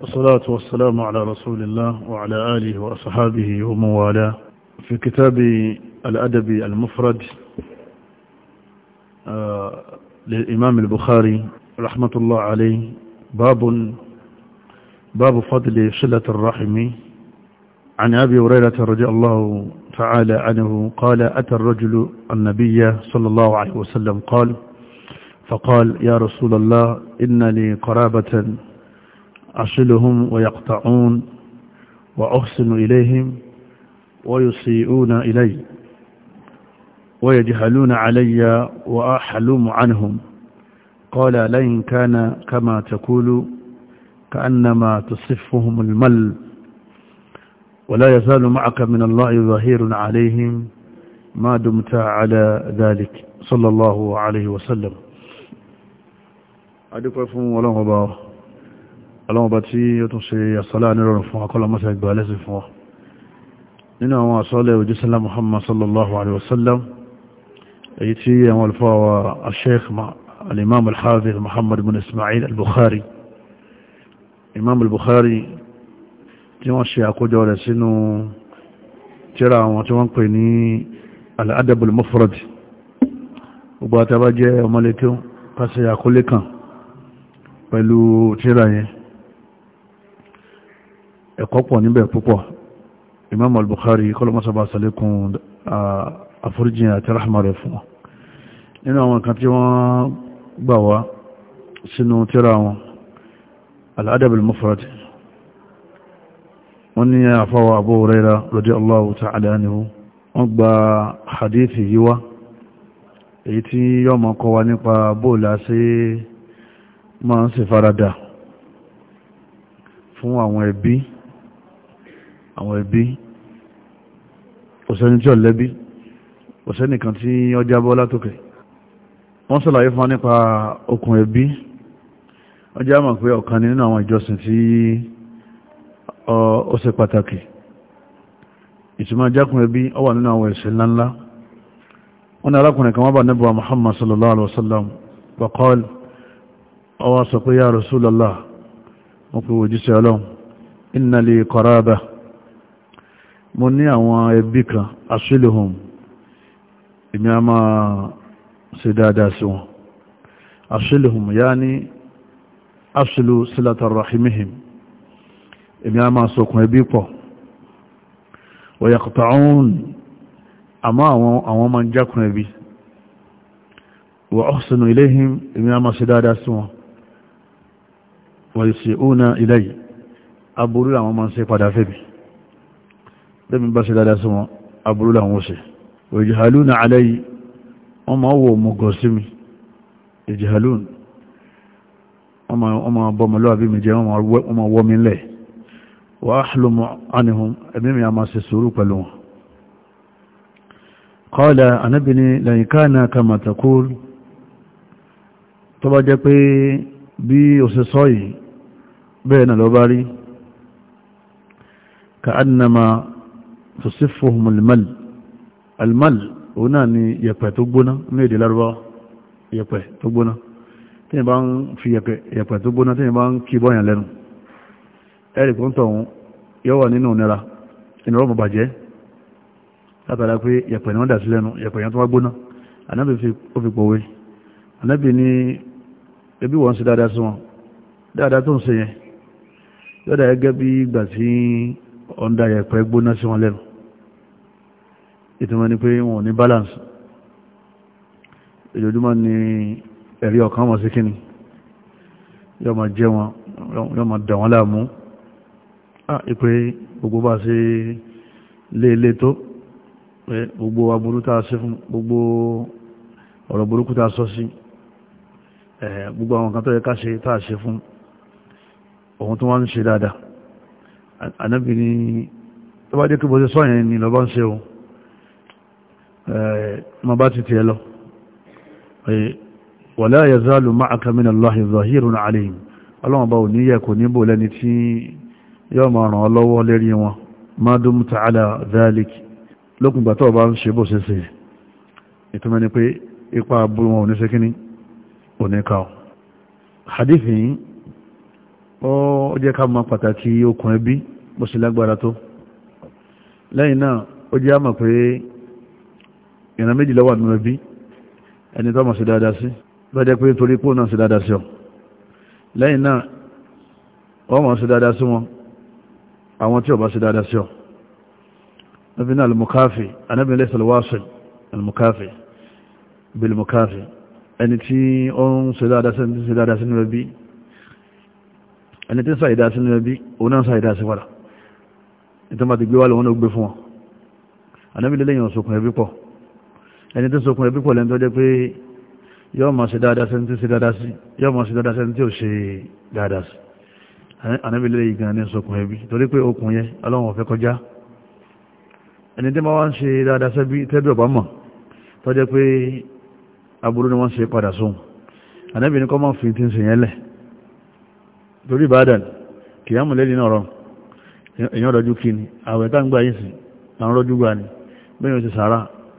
والصلاة والسلام على رسول الله وعلى آله وأصحابه وموالاه في كتاب الأدب المفرد آه، للإمام البخاري رحمة الله عليه باب باب فضل صلة الرحم عن أبي هريرة رضي الله تعالى عنه قال أتى الرجل النبي صلى الله عليه وسلم قال فقال يا رسول الله إن لي قرابة أصلهم ويقطعون وأحسن إليهم ويسيئون إلي ويجهلون علي وأحلم عنهم قال لئن كان كما تقول كأنما تصفهم المل ولا يزال معك من الله ظهير عليهم ما دمت على ذلك صلى الله عليه وسلم أدوك فهم ولا غباه ọlọ́wọ́n bá tí ó tún ṣe àsọ́lá nírọ̀rùn fún akọ́lọmọ́sẹ̀ ìgbà lẹ́sìn fún wa nínú àwọn àsọ́lẹ̀ òjísẹ́lá Muhammad sallallahu alaihi wasallam èyí tí àwọn alfáwà al-sheikh al-imam al-hafiz Muhammad bin Ismail al-Bukhari imam al-Bukhari tí wọ́n ṣe àkójọ rẹ̀ sínú tírà àwọn tí wọ́n pè ní al pẹ̀lú tírà yẹn ẹ̀kọ́ pọ̀ níbẹ̀ púpọ̀ Imam al-Bukhari kọlọmọ́sọba sàlékún àforíjìn àti rahama rẹ̀ fún wọn nínú àwọn kan tí wọ́n gbà wá sínú tíra wọn al-Adab al-Mufrad wọ́n ní àfáwà Abu Hurairah radiyallahu ta'ala anhu wọ́n gba hadithi yìí èyí tí yọ́ mọ́ kọ́ nípa bóòlá sí máa ń ṣe farada fún àwọn ẹbí àwọn ẹbí òsẹ́ni tí ọ̀lẹ́bí òsẹ́ni kan tí ó jábọ́ látòkè wọ́n sọ̀làyé fún wa nípa okùn ẹbí ó jẹ́ àmọ̀ pé ọ̀kan nínú àwọn ìjọsìn tí ó ṣe pàtàkì ìtumọ̀ jákùn ẹbí ó wà nínú àwọn ẹ̀ṣẹ̀ ńláńlá wọ́n ni arákùnrin kan wá bá níbọ̀ Muhammad sallallahu alaihi wasallam baqal ọwọ́ inna li qaraba mo ní àwọn ẹbí kan asílùhùn èmi a máa ṣe dáadáa sí wọn asílùhùn yá ní asílù sílátà rahimihim èmi a máa sọkùn ẹbí pọ̀ wọ̀yàkùtà ọ̀hún àmọ́ àwọn máa ń jákùn ẹbí wọ ọ́sìnù iléhìn èmi a máa ṣe dáadáa sí wọn wọ̀yẹ̀sì ọ̀nà ilẹ̀ aburú àwọn máa ṣe padà fẹ́bi lẹ́mi bá ṣe dáadáa sí wọn aburú làwọn ṣe ìjìhàlúnà aláyí wọ́n máa wò mú gọ̀ sí mi ìjìhàlún wọ́n máa bọ́ mọ̀lọ́ àbí mi jẹ́ wọ́n máa wọ́ mi lẹ̀ wà á hàlùmọ̀ ánìhun ẹ̀mí mi a máa ṣe sùúrù pẹ̀lú wọn tó sí fòhùn almal almal òun náà ni yẹ̀pẹ̀ tó gbóná ní èdè lárúbá yẹ̀pẹ̀ tó gbóná tí ìbá ń fi yẹ̀pẹ̀ tó gbóná tí ìbá ń kí bọ́yàn lẹ́nu ẹ̀rì kò ń tọ̀hún yóò wà nínú nira ìnira ọmọ bàjẹ́ látara pé yẹ̀pẹ̀ ni wọ́n dà sí lẹ́nu yẹ̀pẹ̀ yẹn tó wá gbóná ànábì ó fi pòwe ànábì ní ẹbí wọ́n ń ṣe dáadáa wọn dáadáa tó ń ṣe yẹn yọ́dà gẹ́gẹ́ bí ìgbà tí ọ̀ndà yẹ̀pẹ̀ gbóná wọn lẹ́nu ìtumọ̀ ni pé wọn ní balance ìjọjúmọ́ ni ẹ̀rí ọ̀kan wọn sí kíni yọ ma jẹ wọn yọ ma dà wọn láàmú ìpé gbogbo bá sí léèlé tó gbogbo aburú tá a ṣe fún gbogbo ọ̀rọ̀ burúkú tá a sọ sí gbogbo àwọn kan tó yẹ ká ṣe tá fún ohun tó wá ń ṣe dáadáa anábì ni tó bá jẹ́ kí bó ṣe sọ́yìn ni lọ bá ń ṣe ohun ma bá ti tiẹ̀ lọ wala yazalu ma'aka minallahi zahirun alayhim ọlọ́wọ́n bá ò ní yẹ kò ní bò lẹ́ni tí yọ́ ma ràn ọ́ lọ́wọ́ lérí wọn ma dumta ala dhalik lókùngbà tó bá ń ipa ká hadithi pàtàkì okùn ẹbí bó lágbára tó lẹ́yìn náà ó jẹ́ ìran méjì lọ́wọ́ nínú ẹbí ẹni tó mọ̀ sí dáadáa sí lọ́jẹ́ pé torí pò náà sí dáadáa sí ọ lẹ́yìn náà wọ́n mọ̀ sí dáadáa sí wọn àwọn tí ó bá sí dáadáa sí ọ nabi náà al-mukafi anábìnrin lẹ́sẹ̀ lọ́wọ́sẹ̀ al-mukafi bil ẹni tí ó ń sí dáadáa sí nínú ẹbí ẹni tí ń sàìdá sí nínú ẹbí òun náà sàìdá sí padà ìtọ́ ti gbé wà lọ́wọ́n ó gbé fún wọn anábìnrin lẹ́yìn ọ̀sọ̀kùn ẹbí pọ̀ ẹni tó sokùn ẹbí pọ̀lẹ́ tó jẹ́ pé yọ́ mọ̀ sí dáadáa sẹ́ni tí ó ṣe dáadáa sí yọ́ mọ̀ sí dáadáa sẹ́ni tí ó ṣe dáadáa sí anábìlẹ̀ yìí gan ní sokùn ẹbí torí pé okùn yẹn ọlọ́run ọ̀fẹ́ kọjá ẹni tí wọ́n ṣe dáadáa sẹ́bí tẹ́bí ọ̀bá mọ̀ tó jẹ́ pé aburú ni wọ́n ṣe padà sóhun anábìlẹ̀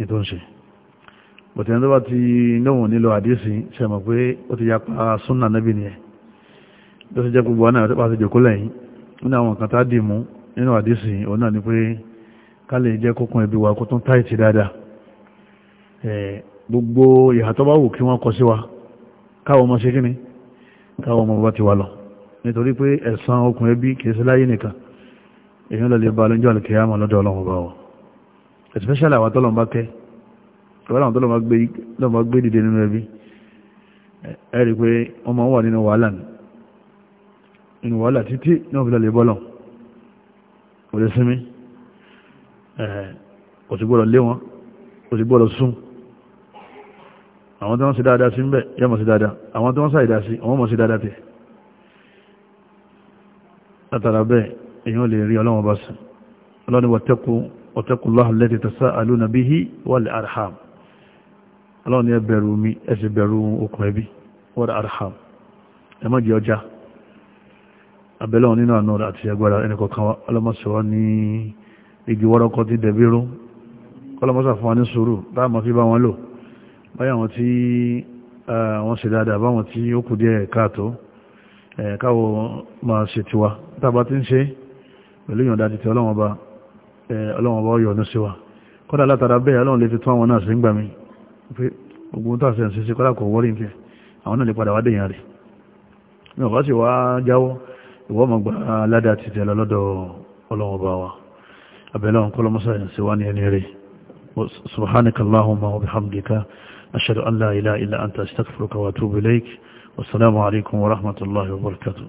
ètò ń ṣe bọ̀tẹ̀ tó bá ti lóhun nílò àdísì sẹ́mọ̀ pé ó ti yapa súnà nábì ni ẹ̀ tó sì jẹ́ gbogbo ọ̀nà ìtọ́pàá ti jòkó lẹ́yìn nínú àwọn kan tá dì mú nínú àdísì òun náà ni pé ká lè jẹ́ kókun ẹbí wa kó tún táìtì dáadáa gbogbo ìhà tó bá wù kí wọ́n kọ sí wa káwọn ọmọ ṣe kí ni káwọn ọmọ bá ti wà lọ nítorí pé ẹ̀san okùn ẹbí kìí sí láyé nìkan èèyàn lọ lè ba lọ́jọ́ àlùkìyàmọ̀ lọ́dọ̀ ọlọ́run bá wọn especially àwọn tọ́lọ̀ bá kẹ́ ìwọ́n àwọn tọ́lọ̀ bá gbé dìde nínú ẹbí ẹ̀rí pé wọ́n máa wà nínú wàhálà nínú wàhálà títí náà fi lọ lè bọ́lọ̀ kò lè sinmi kò sì gbọ́dọ̀ lé wọn kò sì gbọ́dọ̀ sún àwọn tó ń ṣe dáadáa sí واتقوا الله الذي تساءلون به والأرحام الله يبرو مي أسبرو أقربي والأرحام أما جوجا أبلون إنا نور أتشي أقوالا إنكو كوا ألما سواني igi wọ́rọ́kọ́ ti dẹ̀bírú kọ́lọ́mọ́sà fún wa ní sùúrù dáàmà fi bá wọn lò báyà wọn tí wọ́n ṣe dáadáa báwọn tí ó kù díẹ̀ káàtó pẹ̀lú ìyọ̀ndà ti tẹ́ bá ọlọ́run bá yọ̀nú sí wa kọ́dà látara bẹ́ẹ̀ ọlọ́run lè fi tún àwọn náà sí ń gbà mí pé ogun tó àṣẹ ṣe kọ́dà kò wọ́rí nǹkẹ́ àwọn náà lè padà wádé yàn rẹ̀ mi ò bá sì wá jáwọ́ ìwọ́ mọ̀ gba aládà ti tẹ̀lọ lọ́dọ̀ ọlọ́run bá wa abẹ́lẹ́ ọ̀n kọ́lọ́mọ́sá yẹn sí wá ní ẹni rẹ̀ سبحانك اللهم وبحمدك أشهد أن